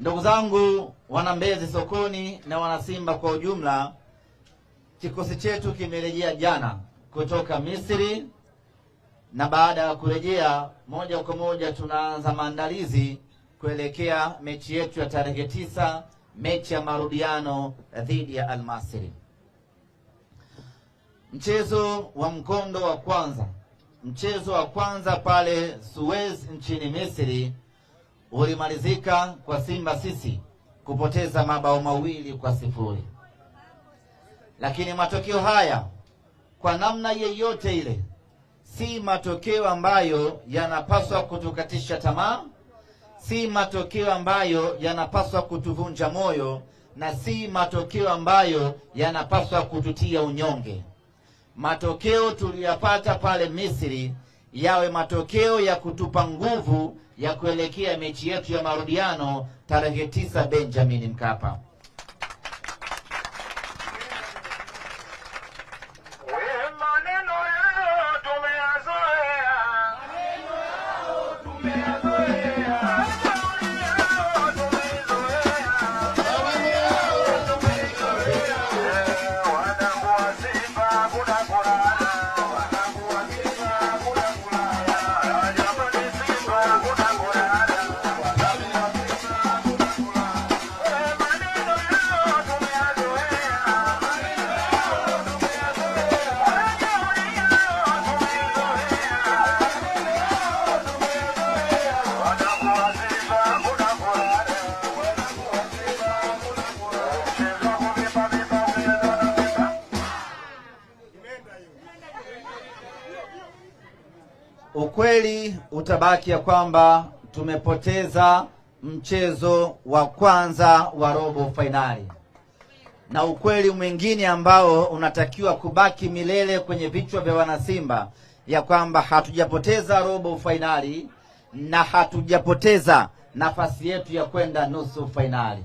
Ndugu zangu wana Mbezi sokoni na wanasimba kwa ujumla, kikosi chetu kimerejea jana kutoka Misri, na baada ya kurejea, moja kwa moja tunaanza maandalizi kuelekea mechi yetu ya tarehe tisa, mechi ya marudiano dhidi ya Almasri. Mchezo wa mkondo wa kwanza, mchezo wa kwanza pale Suez nchini Misri ulimalizika kwa Simba sisi kupoteza mabao mawili kwa sifuri, lakini matokeo haya kwa namna yeyote ile si matokeo ambayo yanapaswa kutukatisha tamaa, si matokeo ambayo yanapaswa kutuvunja moyo, na si matokeo ambayo yanapaswa kututia unyonge. Matokeo tuliyapata pale Misri yawe matokeo ya kutupa nguvu ya kuelekea mechi yetu ya marudiano tarehe 9 Benjamin Mkapa. ukweli utabaki ya kwamba tumepoteza mchezo wa kwanza wa robo fainali, na ukweli mwingine ambao unatakiwa kubaki milele kwenye vichwa vya wanasimba ya kwamba hatujapoteza robo fainali na hatujapoteza nafasi yetu ya kwenda nusu fainali.